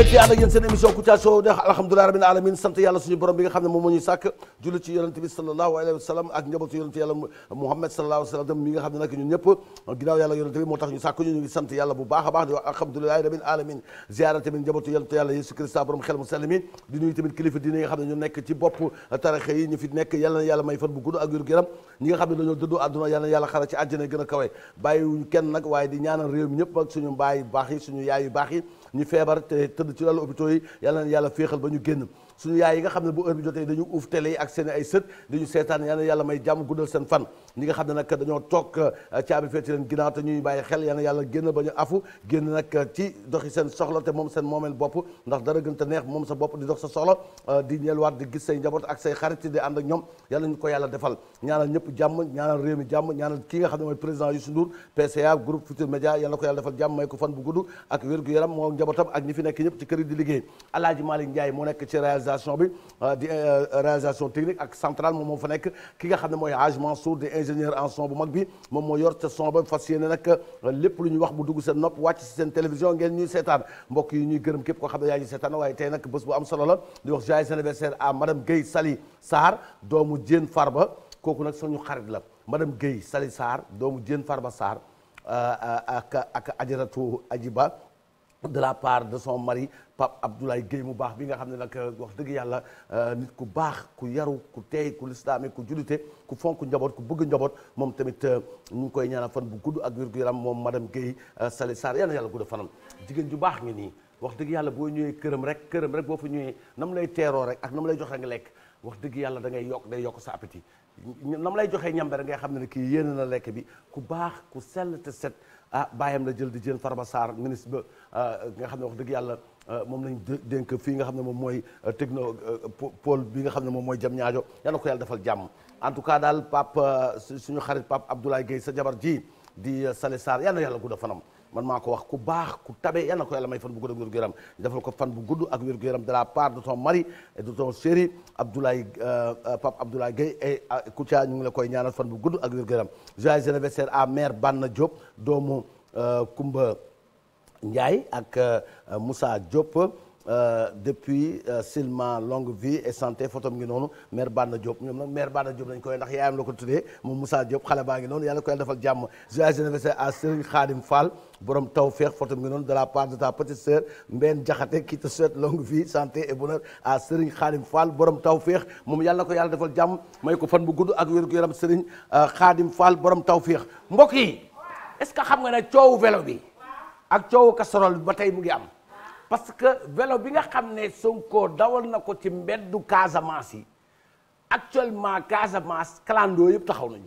mbég ci ànd ak yéen seen émission Kouthia Show de alhamdulilah rabbil alamin sant yàlla suñu borom bi nga xam ne moom moo ñuy sàkk julli ci yonent bi sallallahu alayhi wa sallam ak njabootu yonent yàlla Muhammad sallallahu alayhi wa sallam mi nga xam ne nag ñun ñëpp ginnaaw yàlla yonent bi moo tax ñu sàkk ñu ngi sant yàlla bu baax a baax di wax alhamdulilahi rabbil alamin ziara tamit njabootu yonent yàlla Yeesu Christa borom xel mu sell mi di nuyu tamit kilifa diine yi nga xam ne ñu nekk ci bopp tarixa yi ñu fi nekk yàlla na yàlla may fan bu gudd ak wér gu yaram ñi nga xam ne dañoo dëddu àdduna yàlla na yàlla xara ci àjjana gën a kawe bàyyiwuñu kenn nag waaye di ñaanal réew mi ñëpp ak suñu mbaay yu baax yi suñu yaay yu baax yi ñu feebar te tëdd ci lalu hôpitaux yi yàlla na yàlla féexal ba ñu génn suñu yaay yi nga xam ne bu heure bi jotee dañu uuf télé yi ak seen ay sët dañu seetaan yal na yàlla may jàmm guddal seen fan ñi nga xam ne nag dañoo toog euh, caabi feeti leen ginnaaw te ñuy bàyyi xel yal na yàlla génn ba ñu afu génn nag euh, ci doxi seen soxla te moom seen moomeel bopp ndax dara gën te neex moom sa bopp di dox sa soxla euh, di ñeelwaat di gis say njaboot ak say xarit di ànd ak ñoom yal nañu ko yàlla defal ñaanal ñëpp jàmm ñaanal réew mi jàmm ñaanal ki nga xam ne mooy président Youssou Ndour PCA groupe Futur ak wér fi nekk ñëpp ci kër di liggéey Alaaji réalisation bi euh, di euh, euh, réalisation technique ak centrale moom moo fa nekk ki nga xam ne mooy Hage Mansour di ingénieur en son bu mag bi moom moo yor ca son ba fas yéene nag lépp lu ñu wax bu dugg seen nopp wàcc si seen télévision ngeen ñuy seetaan mbokk yi ñuy gërëm képp koo xam ne yaa ngi seetaan waaye tey nag bés bu am solo la di wax joyeux anniversaire à madame Guèye Sali Sarr doomu Diène Farba kooku nag suñu xarit la madame Guèye Sali Sarr doomu Diène Farba Sarr ak ak de la part de son mari Pape Abdoulaye Guèye mu baax bi nga xam ne nag euh, wax dëgg yàlla euh, nit ku baax ku yaru ku teey ku lislaame ku julite ku fonk njaboot ku bëgg njaboot moom tamit euh, ñu ngi koy ñaanal fan bu gudd ak wér gu yaram moom madame Guèye Sali Sarr yal na yàlla gudd fanam jigéen ju baax ngi nii wax dëgg yàlla boo ñëwee këram rek këram rek boo fa ñëwee nam lay teeroo rek ak nam lay joxee nga lekk wax dëgg yàlla da ngay yokk day yokk sa appétit nam lay joxee ñambe rek ngay ne ne kii yéene na lekk bi ku baax ku sell te set ah bàyyam la jël di jël Farba Sarr ministre ba ah, nga xam ne wax dëgg yàlla ah, moom lañ dénk fii nga xam ne moom mooy ah, techno pôle bi nga xam ne moom mooy jam ñaajo yal ko yàlla defal jàmm en tout cas daal Pape suñu xarit Pape Abdoulaye Gueye sa jabar jii di Sale Sarr yàlla yàlla gudd fanam man maa ko wax ku baax ku tabe yal na ko yàlla may fan bu gudd ak wér gu defal ko fan bu gudd ak wér gu yaram de la part de ton mari et de ton chéri Abdoulaye euh, euh, Pape Abdoulaye Gueye et euh, Koutia ñu ngi la koy ñaanal fan bu gudd ak wér gu yaram joyeux anniversaire maire mère Banna Diop doomu Kumba Ndiaye ak Moussa Diop Euh, depuis euh, Silma longue vie et santé photom ngi noonu mère Banna Diop ñoom nag mère Banna Diop lañ koy ndax yaayam la ko tuddee moom Moussa Diop xale baa ngi noonu yàlla ko yàlla defal jàmm joyeux anniversaire à Serigne Khadim Fall borom tawfeex ngi noonu de la part de ta petite sœur Mbène Diakhaté qui te souhaite longue vie santé et bonheur à Serigne Khadim Fall borom tawfeex moom yàlla ko yàlla defal jàmm may ko fan bu gudd ak wér gu yaram Serigne euh, Khadim Fall borom tawfeex mbokk yi est-ce que xam nga ne coowu velo bi ak coowu casserole bi ba tey mu ngi am parce que vélo bi nga xam ne Sonko dawal na ko ci mbeddu Casamance yi actuellement Casamance clando yëpp taxaw nañu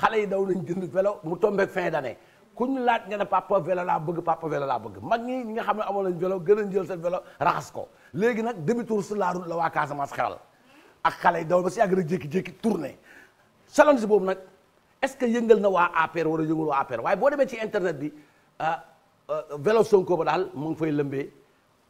xale yi daw nañ jënd velo mu tombé fin d'année ku ñu laaj nga ne papa vélo laa bëgg papa vélo laa bëgg mag ñi ñi nga xam ne amoon nañ vélo gën a jël seen velo raxas ko léegi nag demi tour sur la route la waa Casamance xewal ak xale yi daw ba si àgg rek jékki-jékki tourné challenge boobu nag est-ce que yëngal na waa APR wala yëngal waa APR waaye boo ci internet bi ah, ah, vélo Sonko ba daal mu ngi fay lëmbee.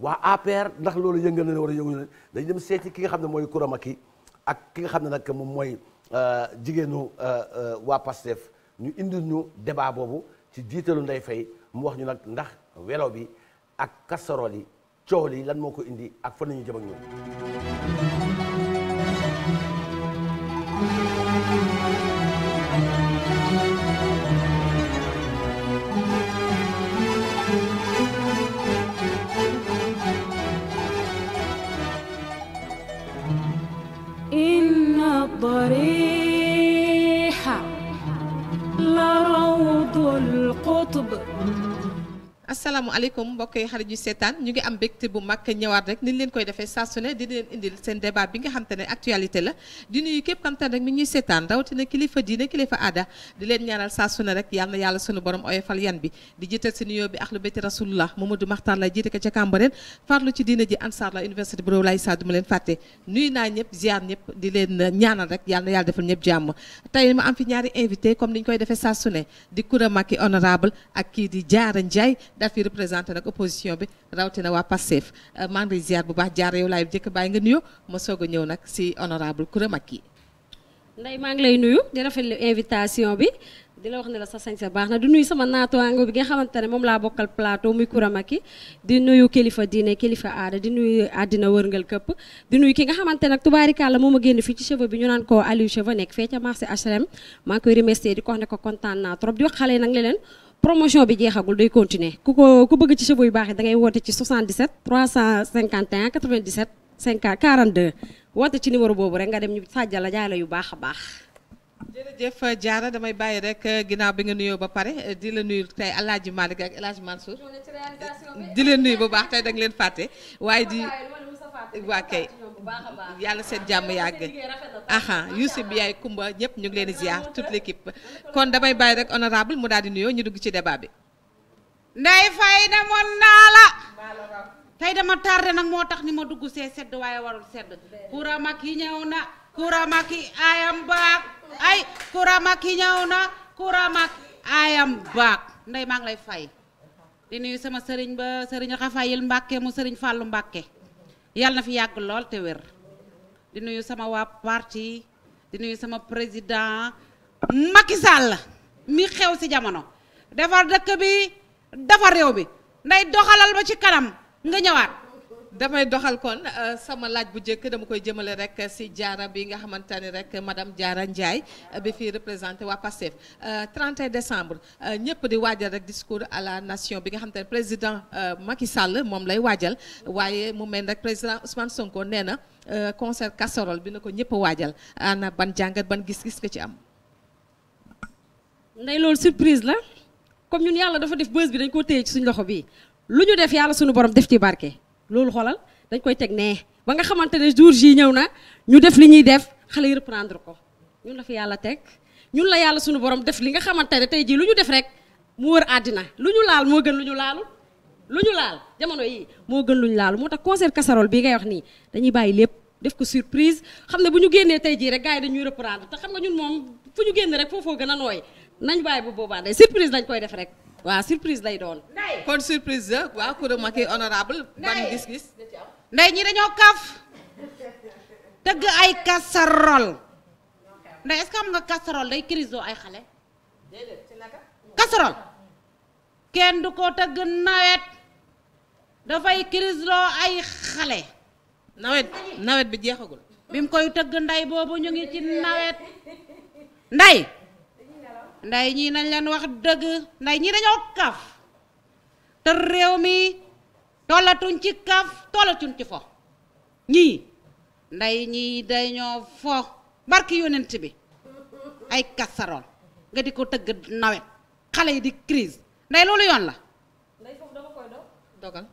waa APR ndax loolu yëngal na ne war a yëngu ne dem seeti ki nga xam ne mooy Kouramaki ak ki nga xam ne nag moom mooy euh, jigéenu euh, waa PASTEF ñu indi ñu débat boobu ci jiitalu Ndeye Faye mu wax ñu nag ndax welo bi ak casserole yi coow li lan moo ko indi ak fan nañu ñuy jëm ضريحة لروض القطب asalaamaaleykum mbokk yi xarit yu seetaan ñu ngi am mbégte bu mag ñëwaat rek ni leen koy defee saa su ne di leen indil seen débat bi nga ne actualité la di nuyu képp xam te mi ñuy seetaan rawatina kilifa diine kilifa aada di leen ñaanal saa su rek yal yàlla sunu borom oyofal yan bi di jiital si nuyoo bi ahlu bayti rasulullah Mamadou Makhtar la jiite ko ca Cambérène farlu ci diine ji ansaar la université bu Lay Sa du ma leen fàtte nuyu naa ñëpp di leen ñaanal rek yal na yàlla ñëpp jàmm tey am ñaari invité comme ni ñu koy defee saa su ne di Coura Macky honorable ak kii di Diarra Ndiaye daal fi représenté nag opposition bi rawatina waa Pastef euh, maa ngi lay bu baax jaar yow laay jëkk bàyyi nga nuyoo ma soog a ñëw nag si honorable Coura Macky nday maa ngi lay nuyu di rafetlu invitation bi di la wax ne la sa sañ sa baax na di nuyu sama naataango bi nga xamante ne moom laa bokkal plateau muy Coura Macky di nuyu kilifa diine kilifa aada di nuyu àddina wërngal këpp di nuyu ki nga xamante nag tubaarikàlla moom a génn fii ci cheveux bi ñu naan ko Aliou Cheveux nekk fee ca marché HLM maa kontaan naa trop di wax xale nag promotion bi jeexagul de continuer ku ko ku bëgg ci cheveux yu baax yi da ngay woote ci 77 351 97 50 42 woote ci numéro boobu rek nga dem ñu sàjjal la jaay la yu baax a baax. jërëjëf Diarra damay bàyyi rek euh, ginnaaw bi nga nuyoo ba pare euh, di la nuyu tey El Hadj Malick ak El Hadj Mansour di leen nuyu bu baax tey da leen fàtte waaye di waa yàlla seet jàmm yàgg aha Youssou bi yaay Kumba ñëpp ñu ngi leen di ziar toute l'équipe kon damay bàyyi rek honorable mu daal di nuyoo ñu dugg ci débat bi nday fay na moon naa la tey dama tardé nag moo tax ni ma dugg see sedd waaye warul sedd kuramaki ñëw na kuramaki ayam baak ay kuramaki ñëw na kuramaki ayam baak nday maa ngi lay fay di nuyu sama sëriñ ba sëriñ Rafaayil Mbàkke mu sëriñ Fàllu Mbàkke yàlla na fi yàgg lool te wér di nuyu sama waa parti di nuyu sama président Macky Sall mi xew ci jamono defar dëkk bi dafa réew bi nday doxalal ba ci kanam nga ñëwaat damay doxal kon euh, sama laaj bu njëkk dama koy jëmale rek si jaara bi nga xamante ne rek madame Diarra Ndiaye euh, bi fii représenté waa PASTEF 31 euh, décembre ñëpp di waajal rek discours à la nation bi nga xamante ne président Macky Sall moom lay waajal waaye mu mel rek président Ousmane Sonko nee na concert casserole bi na ko ñëpp waajal ana ban jàngat ban gis-gis nga ci am. ndey loolu surprise la comme ñun yàlla dafa def bës bi dañ koo téye ci suñu loxo bi lu ñu def yàlla suñu borom def ci barke. loolu xoolal dañ koy teg nee ba nga xamante ne jour ji ñëw na ñu def li ñuy def xale yi reprendre ko ñun la fi yàlla teg ñun la yàlla suñu borom def li nga xamante ne tey jii lu ñu def rek mu wër àddina lu ñu laal moo gën lu ñu laalu lu ñu laal jamono yi moo gën lu ñu laalu moo tax concert casserole bii ngay wax nii dañuy bàyyi lépp def ko surprise xam ne bu ñu génnee tey jii rek gars yi dañuy reprendre te xam nga ñun moom fu ñu génn rek foofoo gën a nooy nañ bàyyi bu boobaa day surprise lañ koy def waaw surprise lay doon. kon surprise la waaw ku dem ak honorable ban gis-gis. ndey ñi dañoo kaf tëgg ay casserole. ndey est nga casserole day crise ay xale. casserole. kenn du ko tëgg nawet. dafay crise ay xale. nawet nawet bi jeexagul. bim koy tëgg nday boobu ñu ngi ci nawet. ndey. nday ñii nañ leen wax dëgg nday ñii dañoo kaf te réew mi tollatuñ ci kaf tollatuñ ci fo ñii nday ñii dañoo fo barki yonent bi ay casserole nga di ko tëgg nawet xale yi di crise nday loolu yoon la nday foofu dama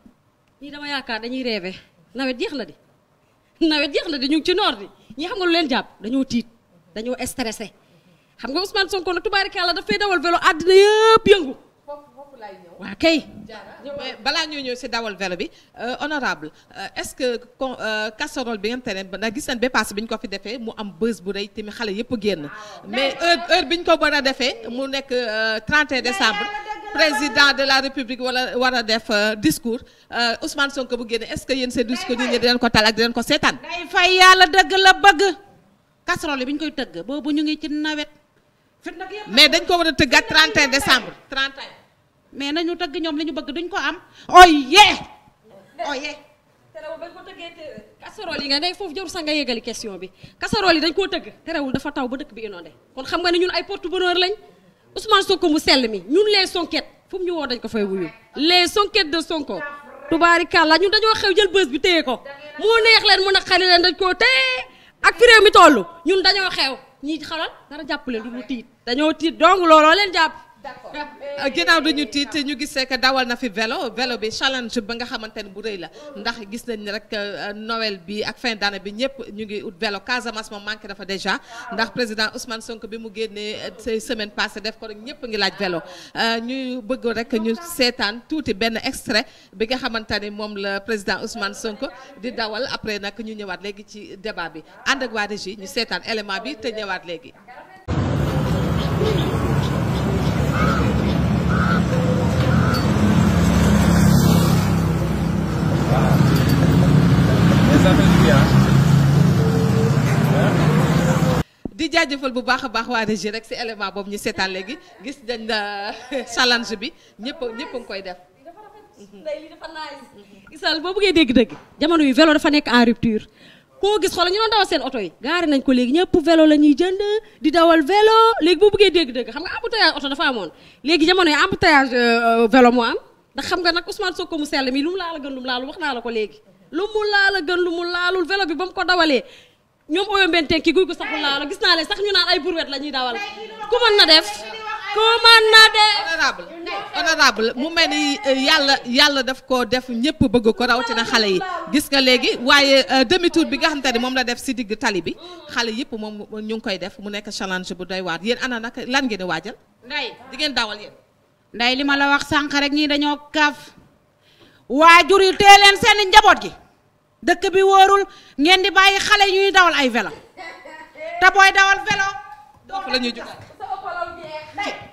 ñii dama yaakaar dañuy reeve nawet jeex la di nawet jeex la di ñu ci noor di ñi xam nga lu leen jàpp dañoo tiit dañoo stressé xam nga Ousmane Sonko nag tubaarikàlla daf fay dawal vélo àddina yëpp yëngu. waa kay balaa ñoo ñëw si dawal vélo bi euh, honorable euh, est-ce que euh, casserole bi ngeen ba na gis nañ ba passé bi ñu ko fi defee mu am bës bu rëy tamit xale yëpp génn mais heure bi ñu ko war a defee mu nekk 31 décembre président de la république wala war a def discours Ousmane Sonko bu génne est-ce que yéen seen discours nit ñi dinañ ko tal ak dinañ ko seetaan. day fay yàlla dëgg la bëgg casserole bi ñu koy tëgg ñu nawet. mais dañ ko war a tëgg ak 31 décembre 31 mais nañu tëgg ñoom li ñu bëgg duñ ko am oyé oyé terewul bañ ko tëggee casserole yi nga ne foofu jarul sax nga yëgali question bi casserole yi dañ koo tëgg terewul dafa taw ba dëkk bi inondé kon xam nga ne ñun ay porte bonheur lañ Ousmane ko mu sell mi ñun les sonket fu mu ñu woo dañ ko fay wuyu les sonket de Sonko tubaarikàlla ñun dañoo xew jël bës bi téye ko mu neex leen mu naqari leen dañ koo téye ak fi réew mi toll ñun dañoo xew ñi xalal dara jàppale lu mu tiit dañoo tiit donc looloo leen jàpp. d'accord euh, ginnaaw ñu tiit ñu gisee que dawal na fi velo vélo bi challenge ba nga xamante ne bu rëy la ndax gis nañ ne rek euh, nowel bi ak fin d'année bi ñëpp ñu ngi ut vélo Casamance moom manqué dafa déjà ndax président usman Sonko bi mu génnee euh, semaine passée def ko rek ñëpp ngi laaj vélo ñuy bëgg rek ñu seetaan tuuti benn extrait bi nga xamante ne moom la président Ousmane Sonko di dawal après nag ñu ñëwaat léegi ci débat bi ànd waa régie ñu seetaan élément bi te ñëwaat léegi. di jaajëfal bu baax a baax waa régie rek si élément boobu ñu seetaan léegi gis dañ na euh, challenge bi ñëpp ñëpp a koy def. dafa rafet. dafa boo bëggee dégg-dëgg jamono yu vélo dafa nekk en rupture. koo gis xoolal ñu doon dawal seen oto yi gaari nañ ko léegi ñëpp vélo la ñuy jënd di dawal vélo léegi boo bëggee dégg-dégg xam nga embouteillage oto dafa amoon léegi jamono yi embouteillage euh, euh, vélo moo am ndax xam nga nag Ousmane ko mu sell mi lu mu laal a gën lu mu laalul wax naa la ko léegi lu mu laal a gën lu mu laalul vélo bi ba mu ko dawalee ñoom oyombenten ki guy ko saxul laala gis naa leen sax ñu naan ay brouette la ñuy dawal ku mën na def ku mën na def honorable mu mel ni euh, yàlla yàlla daf ko def ñëpp bëgg ko rawatina xale yi gis nga léegi waaye euh, demi tour bi nga xam ne moom la def si digg tali bi xale yëpp moom ñu ngi koy def mu nekk challenge bu doy waar yéen ana nag lan ngeen di waajal. nday di ngeen dawal yéen. nday li ma la wax sànq rek ñii dañoo kaaf. waajur yi tee leen seen njaboot gi. dëkk bi wóorul ngeen di bàyyi xale ñuy dawal ay vélo te dawal vélo.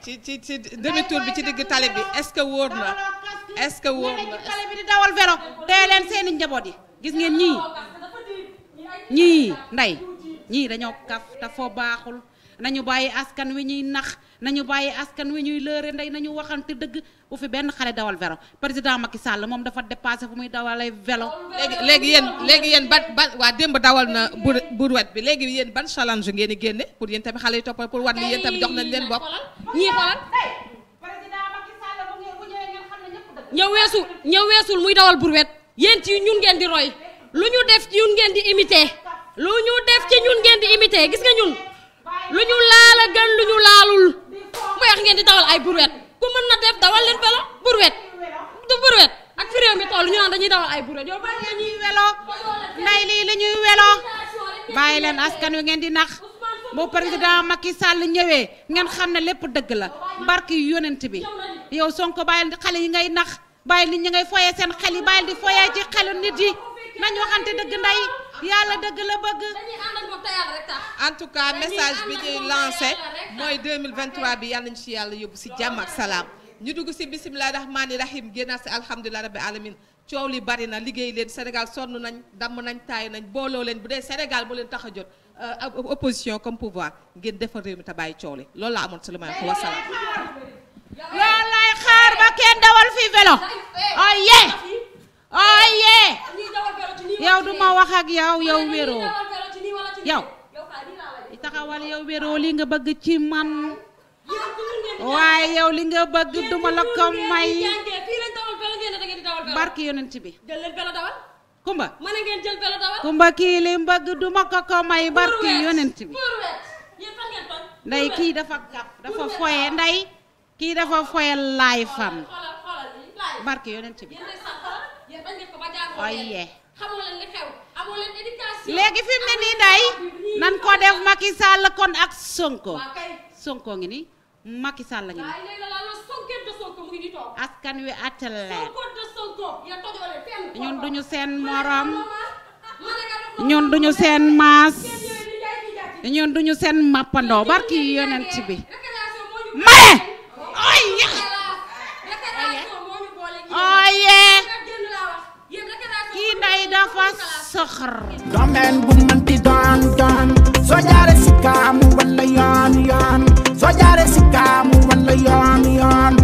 ci ci ci demi-tour bi ci digg tali bi est-ce que wóor na est-ce que wóor na tali bi di dawal vélo tey leen seeni njaboot yi gis ngeen ñii ñii nday ñii dañoo kaf te foo baaxul nañu bàyyi askan wi ñuy nax nañu bàyyi askan wi ñuy lëre ndey nañu waxante dëgg bu fi benn xale dawal vélo président Macky Sall moom dafa dépassé fu muy dawalee vélo. léegi yéen léegi yéen ba ba waa démb dawal na bur burwet bi léegi yéen ban challenge ngeen di génne pour yéen tamit xale yi toppal pour wat li yéen tamit jox nañ leen bopp. ñii xoolal ñëw weesu ñëw weesul muy dawal burwet yéen ci ñun ngeen di roy lu ñu def ci ñun ngeen di imité lu ñu def ci ñun ngeen di imité gis nga ñun. lu ñu laal a gën lu ñu laalul muy wax ngeen di dawal ay brouette ku mën na def dawal leen vélo brouette du brouette ak fi mi toll ñu naan dañuy dawal ay brouette yow bàyyi la ñuy welo nday lii la ñuy welo bàyyi leen askan wi ngeen di nax boo président Macky sàll ñëwee ngeen xam ne lépp dëgg la barki yonent bi yow Sonko bàyyi xale yi ngay nax bàyyi nit ñi ngay foyee seen xel yi bàyyi di foyee ci xelu nit yi nañ waxante dëgg nday yàlla dëgg la bëgg en tout cas message bi ñuy lancé mooy 2023 bi yàlla nañ ci yàlla yóbbu si jàmm ak salaam ñu dugg si bisimilah rahmaani rahim génnaat si alhamdulilah rabbi alamin coow li bari na liggéey leen Sénégal sonn nañ damm nañ taay nañ booloo leen bu dee Sénégal moo leen tax jot euh, opposition comme pouvoir ngeen defar réew mi te bàyyi coow li loolu laa amoon si li may wax lay xaar ba kenn dawal fi vélo. oyee. oyee. yow du ma wax ak yow yow wéroo. yow taxawal yow wéroo li nga bëgg ci man waaye yow li nga bëgg duma la ko may barki yonent bi kumba kumba kii li mbëgg duma ko ko may barki yonent bi nday kii dafa gàpp dafa foye nday kii dafa foye laay fam barki yonent bi oye xamoo leen li léegi fi mu nii day nan ko def Macky Sall kon ak Sonko. Sonko ngi nii Macky Sall ngi nii. askan wi àttal leen. ñun duñu seen morom. ñun duñu seen maas. ñun duñu seen mappandoo barki yonent bi. maye. saxar domaine bu mënti doon doon soo jaare si kaamu wala yoon yoon soo jaare si kaamu wala yoon yoon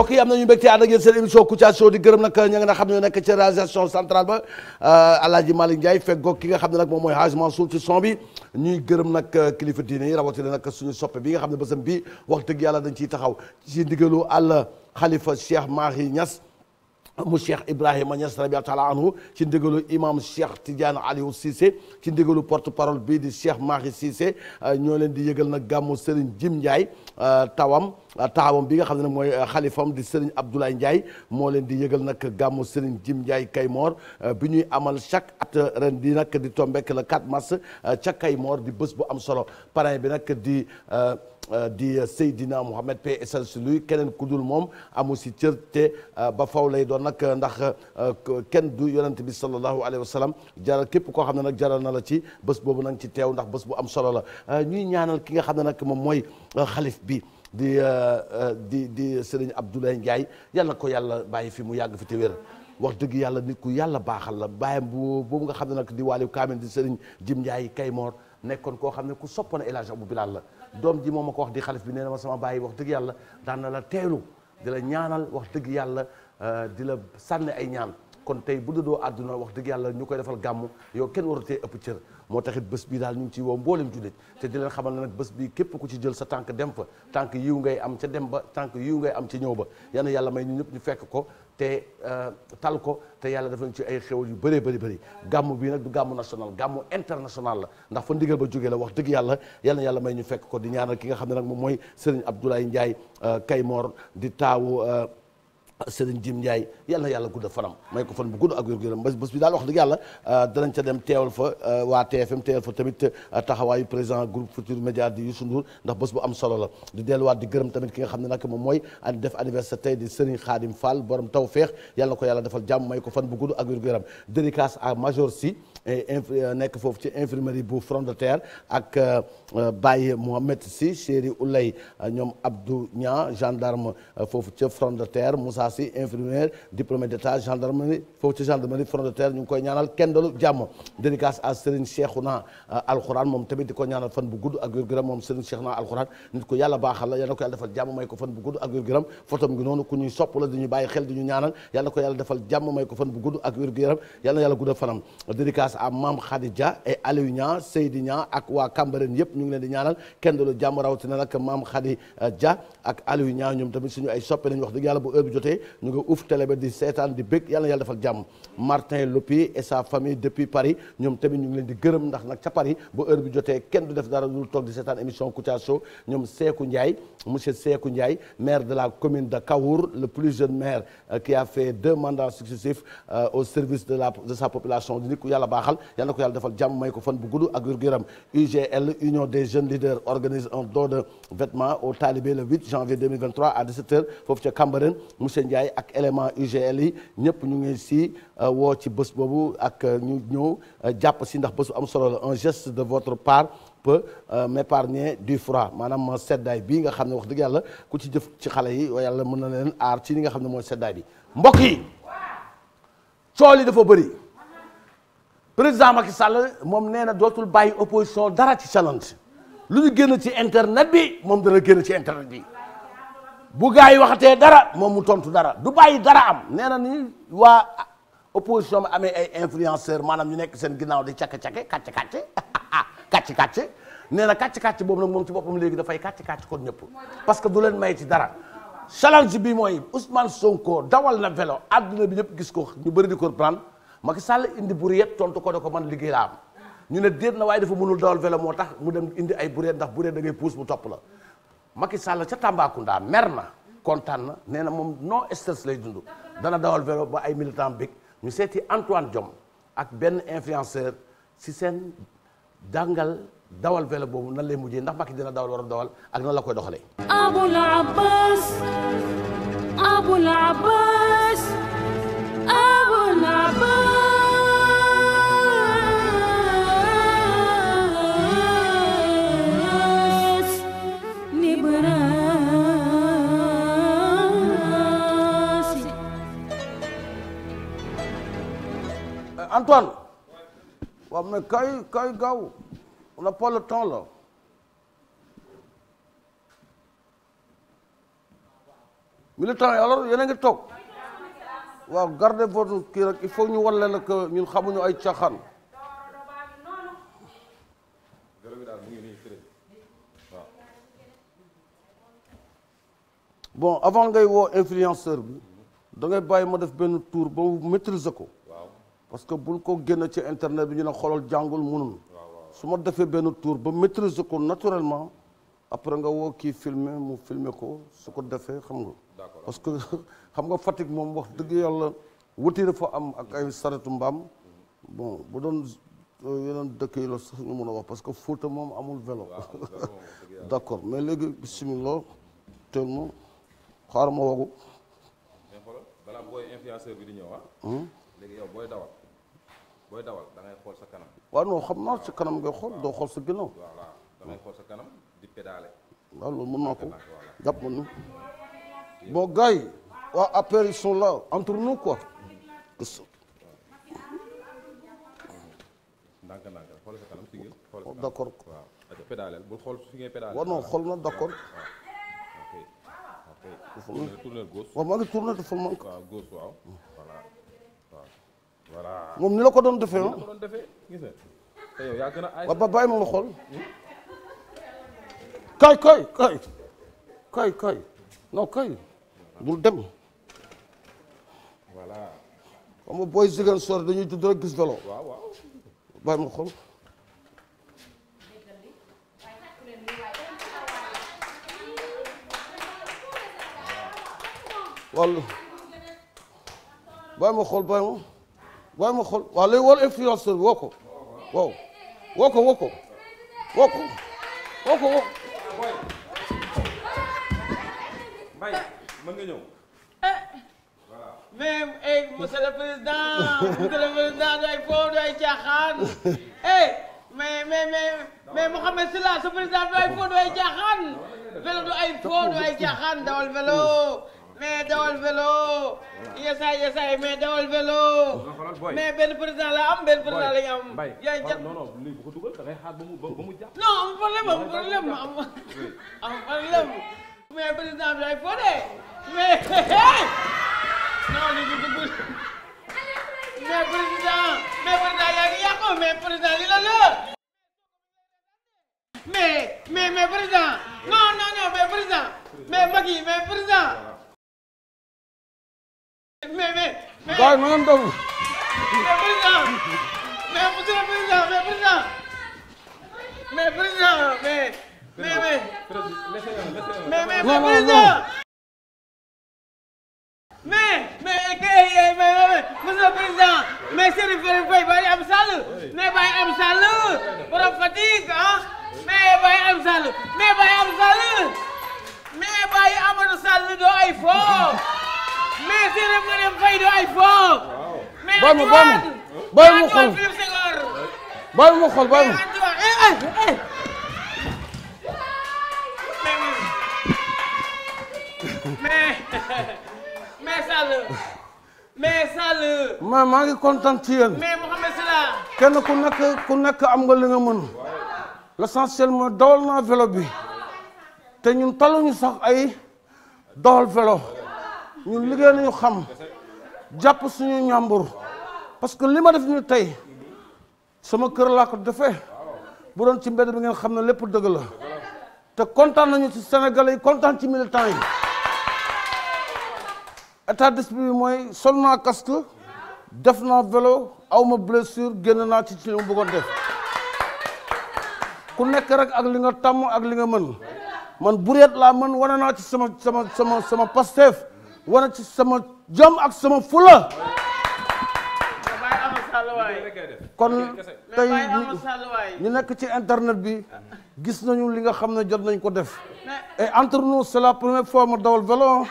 mbokk yi am nañu mbégte ànd ak yéen seen émission Kouthia Show di gërëm nag ña na xam ne nekk ci réalisation centrale ba euh, Alaaji Malick Ndiaye fekk goog ki nga xam ne nag moom mooy Hadj Mansour ci son bi ñuy gërëm nag euh, kilifa diine yi rawatina nag suñu soppe bi nga xam ne bésam bi wax dëgg yàlla dañ ciy taxaw ci ndigalu àll xalifa Cheikh Mahi ñas mu Cheikh Ibrahima Niass rabiallahu taala anhu ci ndigalu imam Cheikh Tidiane Aliou Cissé ci ndigalu porte parole bii di Cheikh Mahi Cissé euh, ñoo leen di yëgal nag gàmmu Serigne Jim Ndiaye Euh, tawam euh, taawam bi nga xam ne nag mooy euh, xalifam di Serigne Abdoulaye Ndiaye moo leen di yëgal nag gàmmu Serigne Jim Ndiaye Kaymoor bi ñuy amal chaque at ren di nag di tombek le 4 mars ca Kaymoor di bés bu am solo parrain bi nag di di Seydina Mohamed P sal si luy keneen ku dul moom amu si cër te ba faw lay doon nag ndax kenn du yonent bi sallallahu alayhi wa sallam jaral képp koo xam ne nag jaral na la ci bës boobu nag ci teew ndax bës bu am solo la ñuy ñaanal ki nga xam ne nag moom mooy xalif bi di eh, eh, di di sëriñ Abdoulaye Ndiaye yàlla ko yàlla bàyyi fi mu yàgg fi te wér wax dëgg yàlla nit ku yàlla baaxal la bàyyam bu boobu nga xam ne nag di waaliw kaamil di sëriñ Jim Ndiaye Kaymoor nekkoon koo xam ne ku soppoon El Hadj Abou Bilal la doom ji moom ma ko wax di xalif bi nee na ma sama bàyyi wax dëgg yàlla daan na la teelu di la ñaanal wax dëgg yàlla eh, di la sànni ay ñaan kon tey bu dëddoo àdduna wax dëgg yàlla ñu koy defal gàmmu yow kenn warutee ëpp cër moo taxit bés bi daal ñu ngi ciy woo mboolem jullit te di leen xamal ne nag bés bi képp ku ci jël sa tànk dem fa tànk yiw ngay am ca dem ba tànk yiw ngay am ca ñëw ba yal yàlla may ñu ñëpp ñu fekk ko te euh, tal ko te yàlla dafa ñu ci ay xewal yu bare bëri bëri gàmmu bii nag du gàmmu national gàmmu international la ndax fa ndigal ba jógee la wax dëgg yàlla yal yàlla may ñu fekk ko di ñaanal ki nga xam ne nag moom mooy Serigne Abdoulaye Ndiaye euh, Kaymoor di taawu euh, Ah, Serigne Jim Ndiaye yal na yàlla gudd fanam may ko fan bu gudd ak wér-gu-yaram bés bi daal wax dëgg yàlla ah, danañ ca dem teewal fa ah, waa TFM teewal fa tamit taxawaayu président groupe Futur Média di Youssou Ndour ndax bas bu am solo la di delluwaat di gërëm tamit ki nga xam ne nag moom mooy an def anniversaire tey di Serigne Khadim Fall borom taw feex yal na ko yàlla defal jàmm may ko fan bu gudd ak wér gu a dédicace à Major Sy Euh, nekk foofu ci infirmerie bu front de terre ak euh, euh, Baye Mohamed Sy chéri Oulay ñoom Abdou Niang gendarme foofu ca front de terre Moussa Sy infirmière diplômé d'état gendarmerie foofu ca gendarmerie front de terre ñu ngi koy ñaanal kenn dalu jàmm dédicace à Serigne Cheikhouna Alxuraan moom tamit di ko ñaanal fan bu gudd ak wér gu moom Serigne Cheikhouna Alxuraan nit ko yàlla baaxal la yàlla ko yàlla defal jàmm may ko fan bu gudd ak wér-gu-yaram fotom bàyyi xel ñu ñaanal yàlla ko yàlla defal jàmm may ko fan bu gudd ak wér-gu-yaram yàlla yàlla guddal fanam dédicace à Mame Khadija et Aliou Niang Seydi Niang ak waa Cambérène yëpp ñu ngi leen di ñaanal kenn du la jàmm rawatina nag Mame Khadija euh, ak Aliou Niang ñoom tamit suñu ay soppe nañ wax dëgg yàlla bu heure bi jotee ñu ngi uuf télé bi di seetaan di bëgg yàlla na yàlla defal jàmm Martin Lopi et sa famille depuis Paris ñoom tamit ñu ngi leen di gërëm ndax nag ca Paris bu heure bi jotee kenn du def dara dul toog di seetaan émission Kouthia Show ñoom Seeku Ndiaye monsieur la commune de Kawour le plus jeune maire euh, qui a fait deux baaxal yal na ko yàlla defal jàmm may ko fan bu gudd ak wér yaram UGL Union des jeunes leaders organise un don de vêtements aux talibés le 8 janvier 2023 à 17h foofu ca Cambérène monsieur Ndiaye ak élément UGL yi ñëpp ñu ngi si euh, woo ci bës boobu ak euh, ñu ñëw euh, jàpp si ndax bés am solo la un geste de votre part peut m'épargner du froid maanaam seddaay bii nga xam ne wax dëgg yàlla ku ci jëf ci xale yi yàlla mën na leen aar ci li nga xam ne mooy seddaay président Macky Sall moom nee na dootul bàyyi opposition dara ci challenge lu ñu génn ci internet bi moom dana génn ci internet bi bu gars yi waxatee dara moom mu tontu dara du bàyyi dara am nee na ni waa opposition bi amee ay influenceur maanaam ñu nekk seen ginnaaw di càkk-càkke kàcc-kàcce kàcc-kàcce nee na boobu nag moom ci boppam léegi dafay kàcc-kàcc kon ñëpp parce que du leen may ci dara challenge bi mooy Ousmane Sonko dawal na vélo àdduna bi ñëpp gis ko ñu bëri di ko prendre Macky sàll indi bureet tontu ko ne ko man liggéey laa am ñu ne déet na waaye dafa mënul dawal vélo moo tax mu dem indi ay bureet ndax bureet da ngay puus mu topp la Macky sàll ca Tambacounda mer na kontaan na nee na moom non stress lay dund dana dawal velo ba ay militant bég ñu seeti Antoine Diome ak benn influenceur si seen jàngal dawal vélo boobu nan lay mujjee ndax Macky dina dawal war dawal ak nan la koy doxale Abul Abbas Antoine waaw mais kay kay gaaw on n'a pas le temps là militant yi alors yéen a ngi toog waaw garde votre kii rek il faut ñu wan leen que ñun xamuñu ay caaxaan bon avant ngay woo influenceur bi da ngay bàyyi ma def benn tour ba maîtriser ko parce que bul ko génn ci internet bi ñu ne xoolal jàngul munul su ma defee benn tour ba maîtriser ko naturellement après nga woo kii filmer mu filmer ko su ko defee xam nga parce que xam nga Fatick moom wax dëgg yàlla wuti dafa am ak ay saretu mbaam bon bu doon euh, yeneen dëkk yi la sax ñu mën a wax parce que Fouta moom amul vélo d'accord mais léegi bismillah teel ma xaar ma wagu bi di ñëw ah. hmm? léegi yow booy dawal booy dawal da xool sa kanam. waaw non xam naa sa kanam ngay xool doo xool sa ginnaaw. voilà da ngay sa kanam di pédale. waaw loolu mën naa ko jàpp nañu bon gars yi waa APR ils sont là entre nous quoi. ndànk ndànk xool sa kanam sigil oh, xool na d' accord. maa ngi tourné te ful man. waaw voilà moom ni la ko doon defee ah. ni la ko doon defee gis nga ba bàyyi ma ma xool. kay kay kay kay kay non kay bul dem. voilà. xam nga booy dañuy tudd rek gis dolo. waaw waaw bàyyi ma xool. wàllu ma. waaye ma xool waaw léegi wala influenceur bi woo ko waaw woo ko woo ko woo ko woo ko woo mbay mën nga ñëw eh, mais eh monsieur le président monsieur le président du ay foofu du ay caaxaan eh mais mais mais mais Mouhamed Sylla sa président du ay foofu du ay caaxaan vélo du ay foofu du ay caaxaan dawal vélo mais dawal vélo. yesaay yesaay mais dawal vélo. mais benn président la am benn président la ñu am. yaay jàpp non non lii bu ko dugal da ngay xaar ba mu ba mu jàpp. non am problème am problème am am problème. mais président bi day fo de mais. non lii du dugg. mais président mais président yaa ngi yàqu mais président li la la. mais mais mais président non non non mais président mais Macky mais président. mais mais. waaw ma ngeen doon. mais président mais monsieur le président mais président mais président mais mais mais. mais mais président. mais mais kay mais monsieur le président mais Serigne Fallou Faye Baye Am Sall mais Baye Am Sall borom Fatick ah mais Baye Am Sall mais Baye Am Sall mais Baye Amadou Sall. waay foofu. booy mu xool booy mu xool booy ma maa ngi kontaan ci yéen. mais Mouhamed Sylla. kenn ku nekk ku nekk am nga li nga mën. l'essentiel dawal naa vélo bi te ñun taluñu sax ay dawal vélo ñun liggéey nañu xam. jàpp suñu ñàmbur parce que li ma def ñu tey sama kër laa ko defee bu doon ci mbedd bi ngeen xam ne lépp dëgg la te kontaan nañu ci Sénégalais yi kontaan ci militants yi état d'esprit bi mooy sol naa casque def naa vélo awma blessure génn naa ci ci li mu bëggoon def ku nekk rek ak li nga tàmm ak li nga mën man bureet laa mën wane naa ci sama sama sama sama Pastef war ci sama jom ak sama fula. kon tey ñu nekk ci internet bi gis nañu li nga xam ne jot nañ ko def et entre nous c'est la première fois ma dawal vélo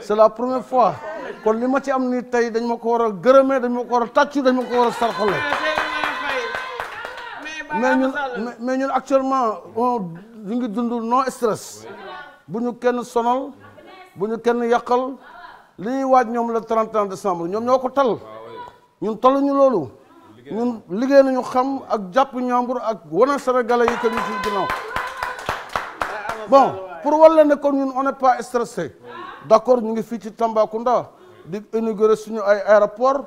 c'est la première fois kon li ma ci am ni tey dañ ma ko war a gërëmee dañ ma ko war a tàccu dañ ma ko war a sarxale mais ñun mais ñun actuellement ñu ngi dund non stress bu ñu kenn sonal bu ñu kenn yàqal li ñuy waaj ñoom la 31 décembre ñoom ñoo ko tal ñun taluñu loolu ñun liggéey nañu xam ak jàpp ñaambur ak wana sénégalais yi que ñu ci ginnaaw bon pour walla ne kon ñun on n'est pas stressé d'accord ñu ngi fii ci Tambacounda di inaugurer suñu ay aéroport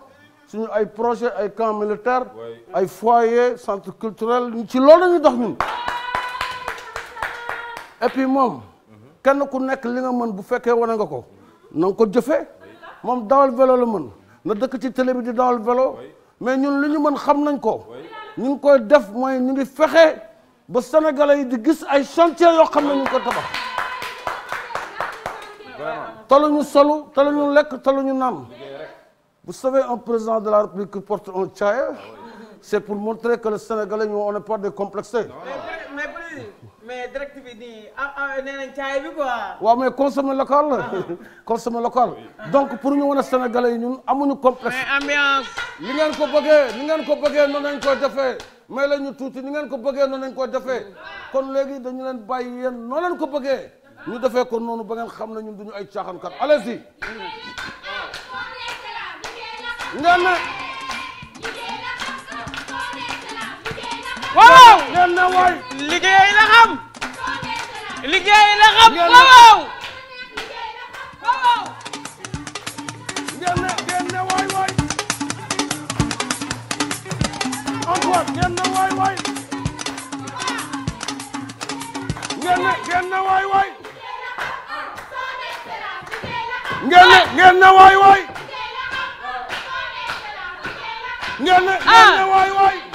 suñu ay projet ay camp militaire ay foyer centre culturel ci loolu la ñuy dox ñun et moom kenn ku nekk li nga mën bu fekkee wane nga ko na ko jëfee moom dawal velo la mën na dëkk ci télé bi di dawal velo mais ñun li ñu mën xam nañ ko ñu ngi koy def mooy ñu ngi fexe ba sénégalais yi di gis ay chantier yoo xam ne ñu ngi ko tabax taluñu solu taluñu lekk ñu naan vous savez un président de la république qui porte un tchaye c'est pour montrer que les sénégalais ñu on n'est pas décomplexés mais direct bi nii ah, ah, nee nañ caay bi quoi. waaw mais consommer local la. Ah. consommer local. donc pour ñu wan a Sénégalais yi ñun amuñu complexe. mais ambiance. ni ngeen ko bëggee ni ngeen ko bëggee noonu lañ koy defee may la ñu tuuti ni ngeen ko bëggee noonu lañ koy defee kon léegi dañu leen bàyyi yéen noonu lañ ko bëggee ñu defee ko noonu ba ngeen xam ne ñun ñu ay caaxaankat allez-y. Mm. ngeen waaw liggéey la xam liggéey la xam waaw waaw ngeen na ngeen na waay waay encore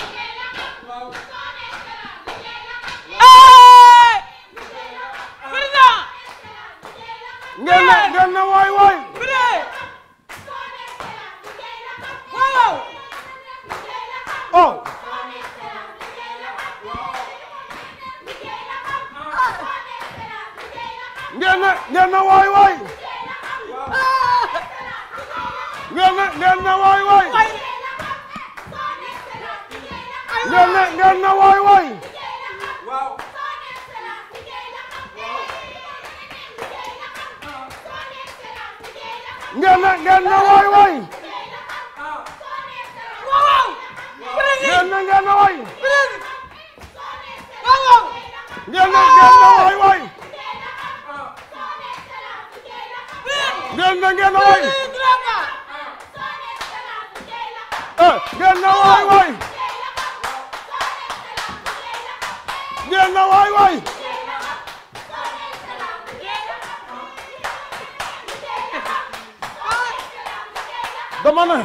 dama ne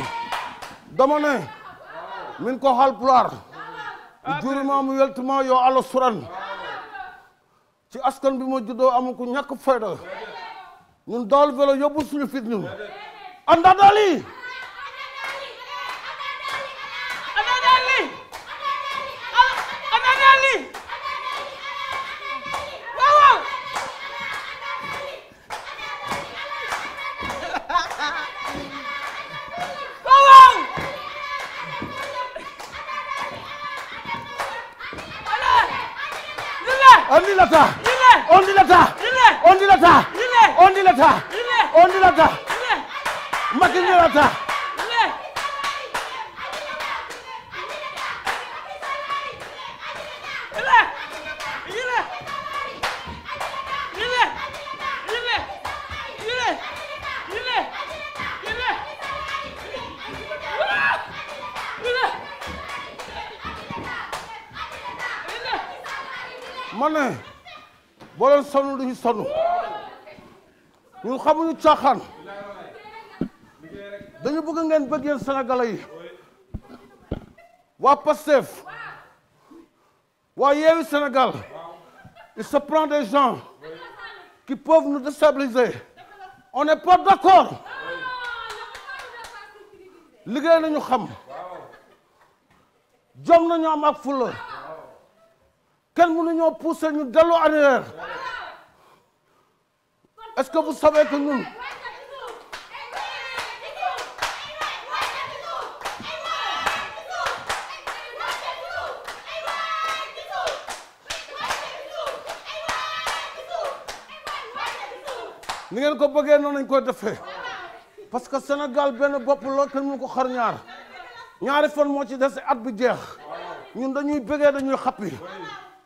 dama ne min ko Haalpulaar jurimaam weltuma yo Allah suran ci askan bi ma juddoo amu ku ñàkk fayda ñun daal velo yóbbu suñu fit ñun anda dali nyerata Macky nyerata ma ne boo leen sonn duñu sonn ñun xamuñu caaxaan nga ngeen bëgg yéen sénégalais waa Pastef waa Yewwi Sénégal il se prend des gens qui peuvent nous déstabiliser on n'est pas d'accord liggéey nañu xam jom nañu am ak kenn mënuñoo pousser ñu dellu arrière est-ce que vous savez que ñun ngeen ko bëggee noonu lañ koy defee parce que Sénégal benn bopp lool kenn mënu ko xar ñaar ñaari fan moo ci des at bi jeex ñun dañuy bëggee dañuy xappi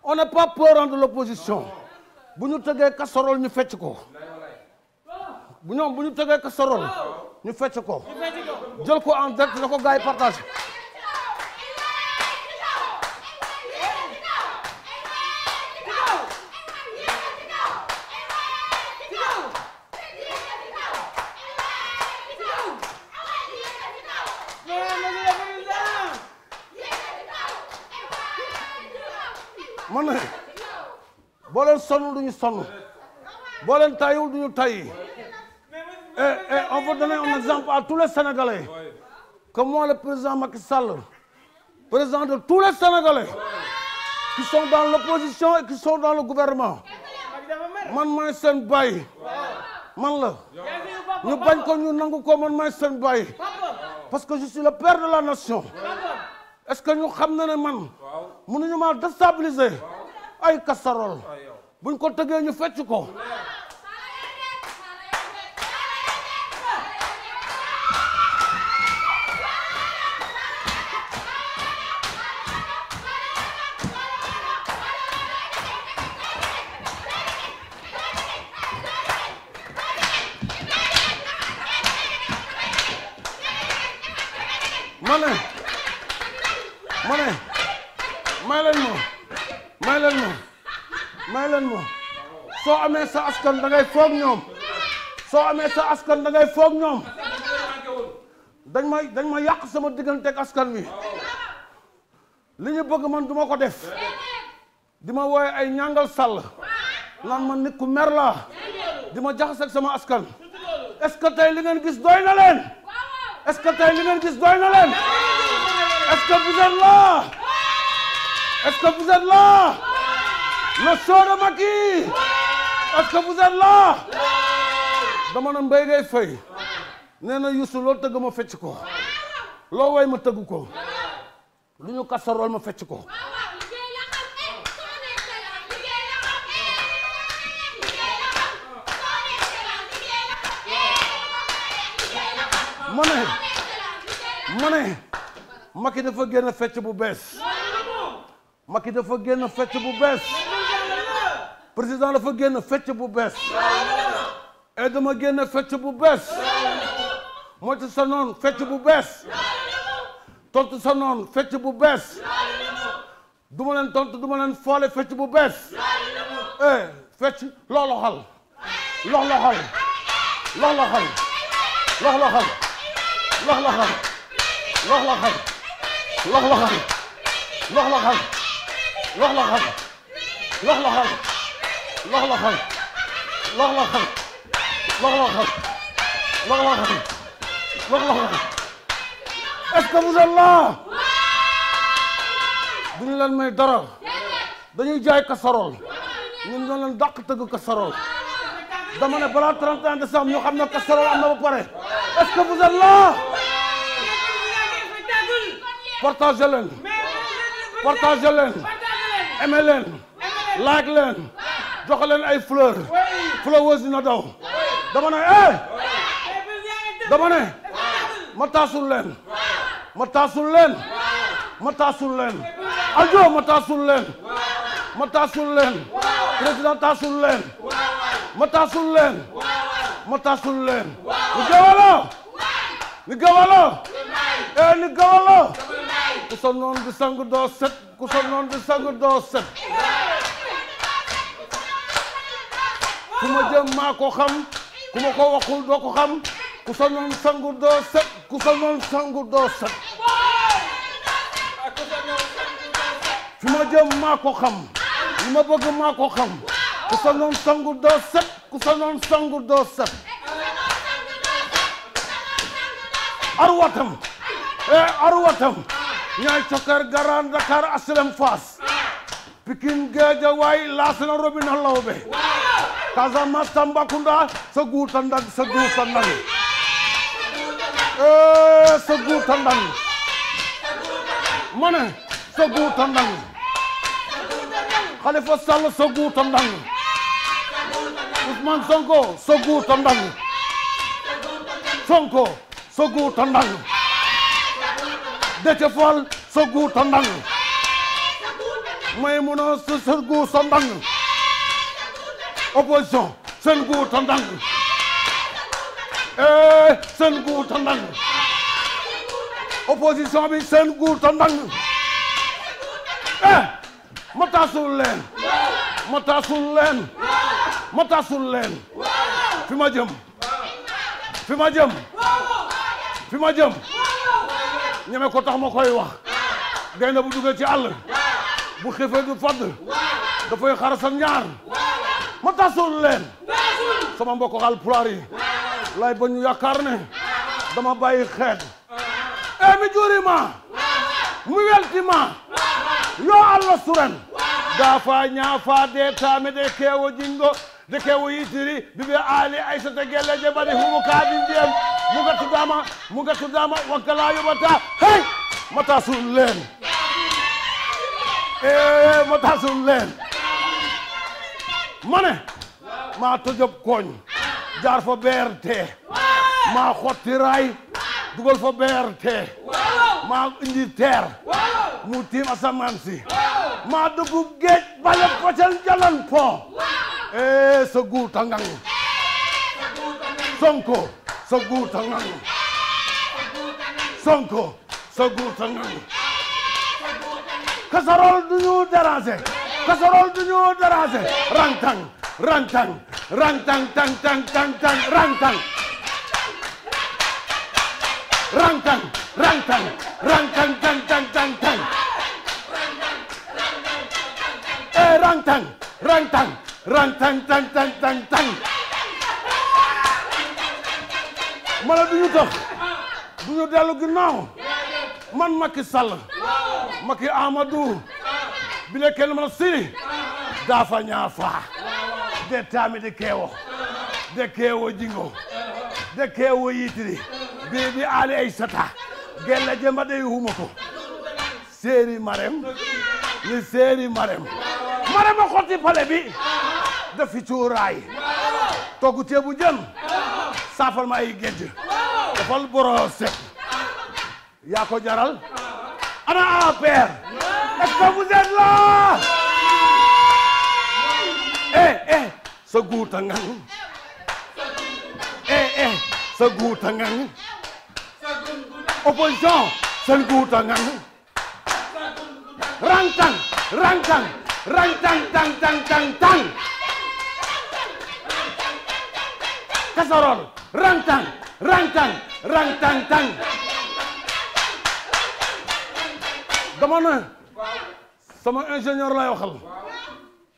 on n'est pas peur de l'opposition bu ñu tegee casserole ñu fecc ko bu ñoom bu ñu tegee casserole ñu fecc ko jël ko en direct na ko gars yi boo leen sonn duñu sonn boo leen tayiwul duñu tayi et eh, et eh, on va donner un exemple à tous les Sénégalais comme moi le président Macky Sall président de tous les Sénégalais qui sont dans l'opposition et qui sont dans le gouvernement man maay seen baay man la ñu bañ ko ñu nangu ko man maay seen baay parce que je suis le père de la nation est-ce que ñu xam na ne man mënuñu maa déstabiliser ay casserole buñ ko tëggee ñu fecc ko askan da ngay foog ñoom soo amee sa askan da ngay foog ñoom dañ ma dañ ma yàq sama digganteeg askan wi li ñu bëgg man duma ko def di ma wooye ay ñàngal sàll naan man nit ku mer laa di ma jaxaseeg sama askan est-ce que tey li gis doy na leen est-ce que gis doy na leen est-ce que vous êtes là est-ce que vous êtes parce que vous dama na mbay ngay fay nee na Youssou loo tëgg ma fecc ko loo way ma tëgg ko lu ñu kasarool ma fecc ko ma ne ma ne Macky dafa génn fecc bu bees Macky dafa génn fecc bu bees président dafa génn fecc bu bees et dama génn fecc bu bees moytu sa noon fecc bu bees tontu sa noon fecc bu bees du ma leen du ma foole fecc bu bees eh fecc looloxal loxloxal loxloxal loxloxal loxloxal loxloxal loxloxal loxloxal loxloxal loxloxal loxloxal est-ce que vous êtes là duñu leen may dara dañuy jaay casserole ñun ñoo leen dàq tëgg casserole dama ne balaa 31 décembre ñu xam ne casserole am na ba pare est-ce que vous êtes là partagez leen partagez leen aimez leen like leen joxe leen ay fleur flowers dina daw dama ne eh dama ne ma taasul leen ma taasul leen ajo ma taasul leen président taasul leen ma taasul leen ma taasul leen ni gawalo ni gawalo eh ni gawalo ku sa noon di sang set ku sa noon di sang set ku ma jëm maa ko xam ku ma ko waxul doo ko xam ku sanoon sangu doo set ku sanoon sangu doo set fi ma jëm maa ko xam li ma bëgg maa ko xam ku sanoon sangu doo set ku sanoon sangu doo set arwatam e arwatam ñaay cokar garan Dakar aslem Fass Pikine Guédiawaye laasana robina lawbe Casamance Tambacounda sa guuta ndang sa guuta ndang ee sa guuta ndang ma ne sa guuta ndang Khalifa Sall sa guuta ndang Ousmane Sonko sa guuta ndang Sonko sa guuta ndang Déthié Fall sa opposition seen nguur ta ndang eh, seen nguur ta ndang opposition eh, ma tasul leen ma tasul leen ma fi ma jëm fi ñeme ko tax ma koy wax gaynde bu duggee ci àll bu xëfee du fadd dafay xar sa ma tasul leen sama mbokk Haalpulaar yi lay ba ñu ne dama bàyyi xeet e mi juri ma mi welti suren dafa ñaafa de taame de keewo jingo de keewo yitiri biɓe aali aissata gelleje mbaɗi humo kaaɗi ndiyam mu gattudama mu gattudama hey matasul leen e matasul eh, leen mane ne maa tëjëb kooñ jaar fa BRT maa xotti raay dugal fa BRT maa indi teer mu tiim asamaan si maa dugub géej bale pacal jalan pont ee sa guuta sonko sa guuta sonko sa guuta ngang du ñu déranger casserole du ñu déranger rantang rantang rantang tang tang tang tang rantang rantang rantang rantang tang tang tang tang eh tang tang tang tang du ñu tax du ñu dellu ginnaaw man Macky Sall Macky Amadou bila kalimatu siri dafa ñaafa de taami de keewo de keewo jingo de keewo yitiri biibi ali aysata gella jemba de huma ko seeri marem ni seeri marem marem a xotti pale bi dafi cuuraay toggu ceebu jën saafal ma ay géej dafal borosek yaa ko jaral ana APR Est-ce que vous êtes là Eh, eh, sa guut a ngang Eh, eh, sa guut a ngang opposition seen guut a ngang rang-tang rang-tang rang-tang tang tang tang tang casserole rang-tang rang-tang rang-tang tang dama na sama ingénieur lay waxal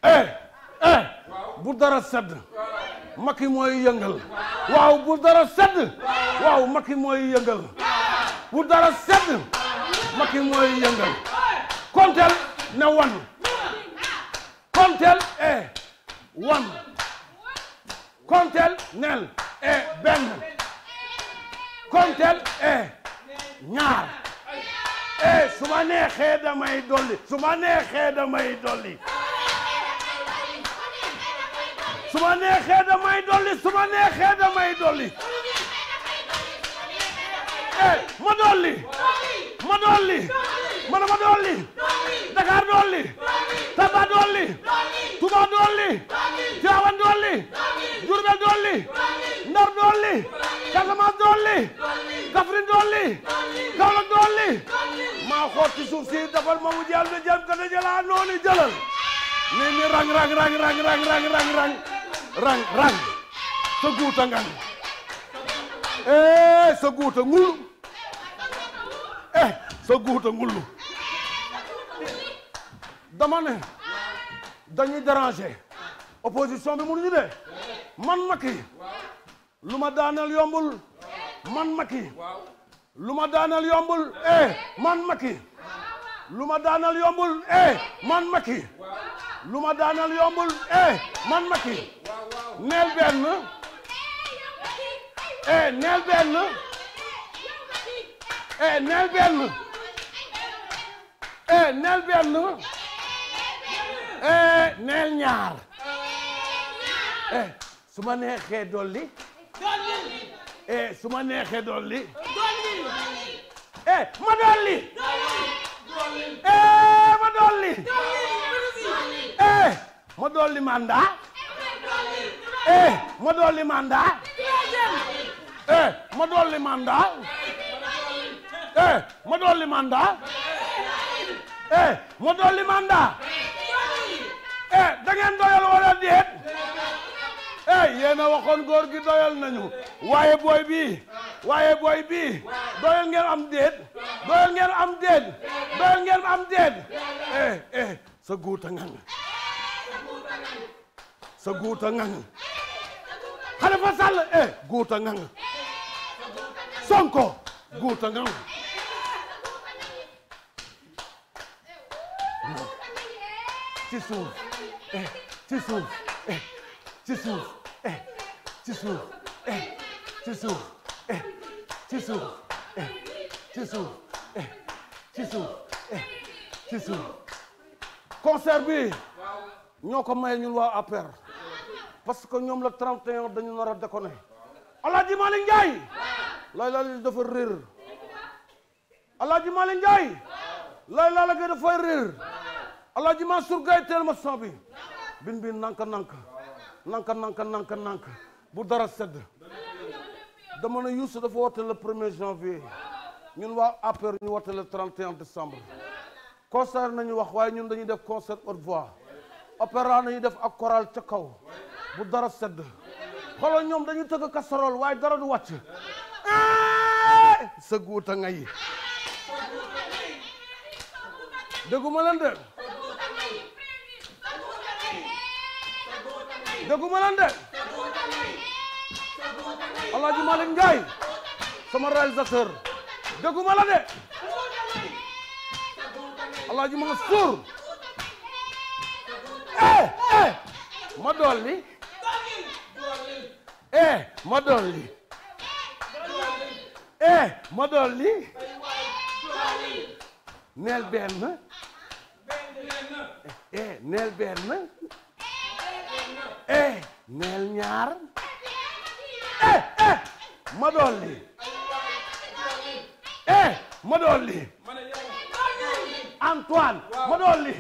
eh eh bu dara sedd Macky mooy yëngal waaw bu dara sedd waaw Macky mooy yëngal bu dara sedd Macky mooy yëngal kontel ne wan kontel eh wan kontel nel eh benn kontel eh ñaar su ma neexee damay dolli su damay dolli su damay dolli su damay dolli eh ma dolli ma dolli ma dolli Dakar dolli Tamba dolli Touba dolli Tivaouane dolli Diourbel dolli Ndar dolli Casamance dolli Kaffrine dolli Kaolack dolli maa xool ci suuf si dafal ma wujjal na jëm ka na jëlaa ah noonu jëlal ni ni rang rang rang rang rang rang rang rang rang rang sa guuta ngang eh sa guuta ngullu eh sa dama ne dañuy déranger opposition bi mënuñu de man Macky lu ma daaneel yombul man Macky lu ma daaneel yombul eh man Macky lu ma daaneel yombul eh man Macky lu ma daaneel yombul eh man Macky neel benn eh neel eh, neel benn eh Eh, neel ñaar eh, eh su ma neexee dolli dolli eh su ma neexee dolli dolli eh ma dolli dolli eh ma dolli dolli eh ma dolli manda eh, eh ma dolli manda eh ma dolli manda eh ma dolli manda eh ma dolli manda ngeen doyal wala déet eh yéen a waxoon góor gi doyal nañu waaye booy bii waaye booy bii doyal ngeen am déet doyal ngeen am déet doyal ngeen eh, eh, sa guuta ngang sa guuta ngang Xalifa Sall eh guuta ngang Sonko guuta eh, ngang ci suuf ci suuf ci suuf ci suuf ci suuf ci suuf ci suuf ci suuf ci ñoo ko maye ñun waa APR parce que ñoom la 31 dañu nar a déconné Alaaji Malick Ndiaye lay laa li dafa réer Alaaji Malick Ndiaye lay laa la gay dafay réer Alaaji Mansour Gaye teel ma son bi bin bin nanka nanka nanka nanka nanka bu dara sedd dama ne Youssou dafa woote le premier janvier ñun waa APR ñu woote le 31 décembre concert nañu wax waaye ñun dañuy def concert haute voix opéra nañu def ak chorale ca kaw bu dara sedd xoolal ñoom dañuy tëgg casserole waaye dara du wàcc sëgguuta ngay dégguma leen dëggu ma lan de Alaaji Malick Ndiaye sama réalisateur dëggu ma la de Alaaji Mansour eh eh ma dolli eh ma dolli eh ma dolli neel benn eh, eh neel benn eh neel ñaar eh eh ma dolli eh ma dolli Antoine ma dolli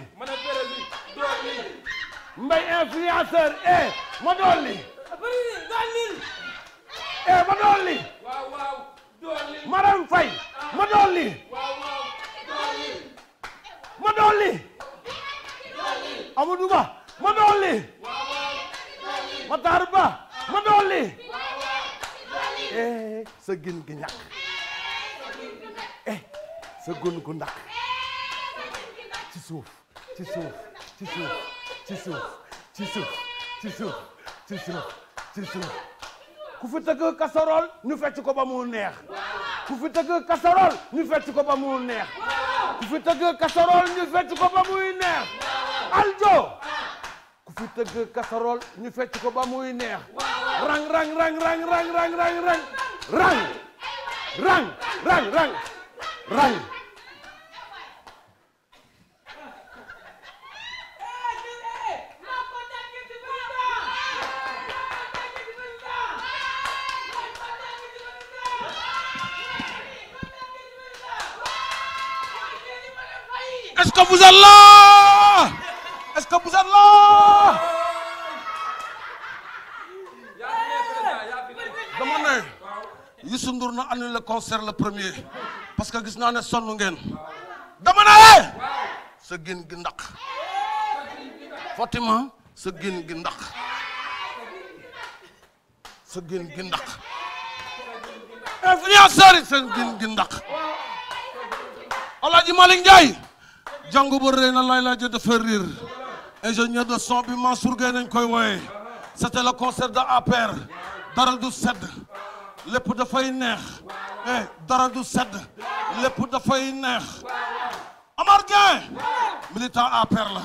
Mbay influenceur eh ma dolli eh ma dolli Maram Fay ma dolli ma dolli Amadou Ba ma dolli Matar Ba ma dolli eh sa gin gi ñàkk eh sa gu ndax ci suuf ci suuf ci suuf ci suuf ci suuf ku fi tëgg casserole ñu fecc ko ba mu neex ku fi tëgg casserole ñu fecc ko ba mu neex ku fi tëgg casserole ñu fecc ko ba muy neex aljo fi tëgg casserole ñu fecc ko ba muy neex rang rang rang rang rang rang rang rang rang rang rang rang rang est que vous allez est-ce que bu set la dama ne Youssou Ndour na la concert le premier parce que gis naa ne sonn ngeen dama ne eh! sa gén gi Fatima sa gén gi ndax sa gén gi ndax influenceur yi sa gén gi ndax Alaaji Malick Ndiaye jàngu ba rëy na lay laa jë riir ingénieur de son bi Mansour Gueye koy wooye c'était le concert de APR dara du sedd lépp dafay neex eh dara du sedd lépp dafay neex Amar Dieng militant APR la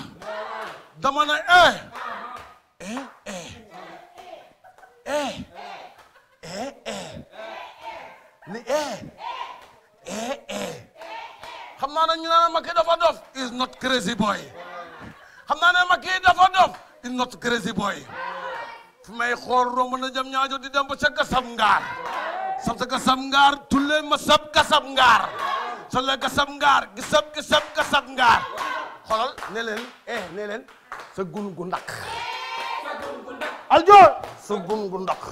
dama ne eh! eh eh eh eh eh ni eh eh eh xam naa ne ñu naan ma ki dafa dof is not crazy xam naa ne ma dafa dof di not crazy boy fi may xool romb na jam ñaajo di dem ba gasab ngaar sab sa gasab ngaar tullee ma sab gasab ngaar sa gasab ngaar gisab gisab gasab ngaar eh, sa gun gu ndak aljo sa gun gu ndak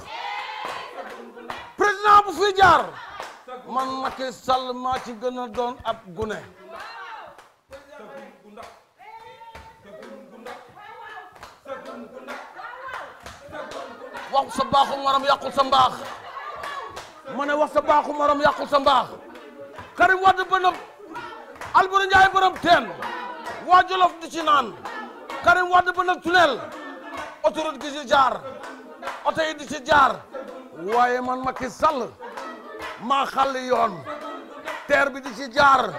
président bu fi jaar man Macky Sall maa gën a doon ab gune wax sa baaxu morom yàqul sa ma ne wax sa baaxu morom yàqul sa mbaax Karim Wade bënam Alboury Ndiaye borom teen waa Jolof di ci naan Karim Wade bënam tunnel autoroute gi ci jaar oto yi di ci jaar waaye man Macky Sall maa xalli yoon teer bi di ci jaar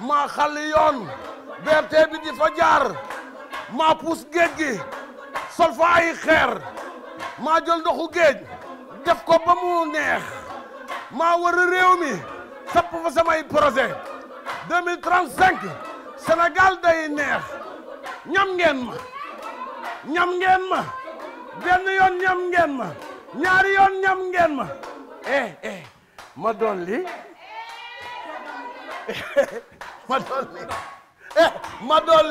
maa xalli yoon BRT bi di fa jaar maa puus géej gi sol fa ay xeer maa jël ndoxu géej def ko ba mu neex maa war a réew mi sapp fa samay projet 2035 day neex ñam ngeen ma ñam ngeen ma benn yoon ñam ngeen ma ñaari yoon ñam ngeen ma eh eh ma doon li ma doon li eh ma doon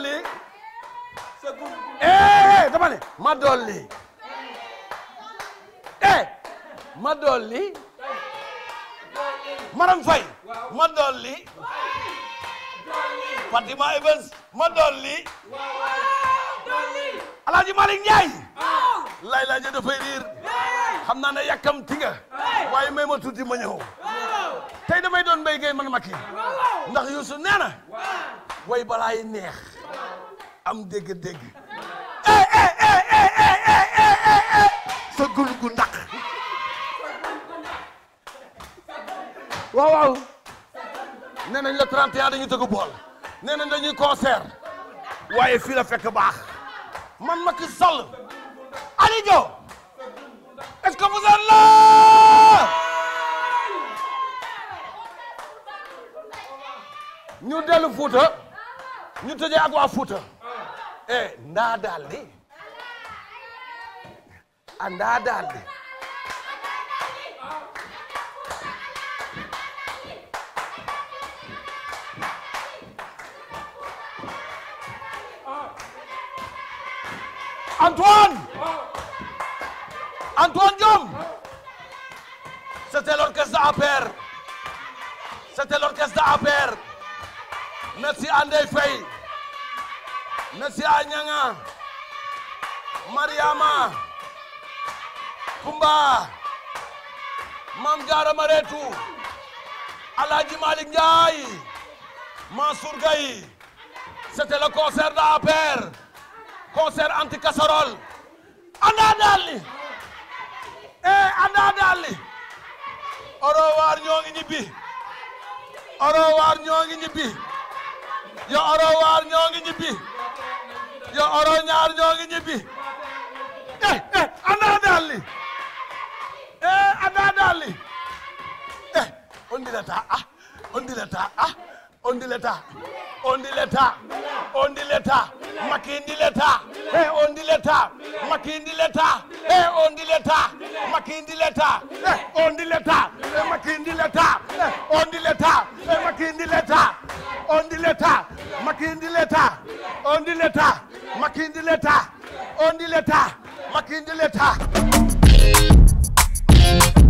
Eh, eh dama ne ma dolli eh ma dolli Maram Faye ma dolli Fatima Evans ma dolli Alaaji Malick Ndiaye lay laa jë dafay riir xam naa ne yàkkam ti nga waaye may ma tuuti ma ñëw tey damay doon mbéy gay man Macky ndax Youssou nee way balaay neex am dégg-dégg. Eh, eh, eh, sa gul gu ndax. waaw waaw. nee nañ la 31 dañuy tëgg bool. nee nañ dañuy concert. waaye fii la fekk baax. man Macky Sall. Aliou Dio. est-ce que vous ñu dellu Fouta. ñu tëjee ak waa Fouta. ndaadaaldi eh, a ndaadaaldi ah, Antoine Antoine Diome c'était l'orchestre de APR c'était l'orchestre de APR merci Andey Faye Nasiya Ñanga Mariama Kumba Mam Jaara Mareetu Alaaji Malik Njaay Mansour Gaye c'était le concert d'APR concert anti casserole anda dalli eh ñoo ngi ñibbi oro ñoo ngi ñibbi yo oro ñoo ngi ñibbi yo oro ñaar ñoo ngi ñibbi eh eh ana dalli eh ana dalli eh on dilata ah on dilata ah on dit l'État on dit l'État on dit l'État Macky indi l'État eh on dit l'État Macky indi l'État eh on dit l'État Macky indi l'État eh on dit l'État eh Macky indi l'État eh on dit l'État eh Macky indi l'État on dit l'État Macky indi l'État on dit l'État Macky indi l'État on dit l'État Macky indi l'État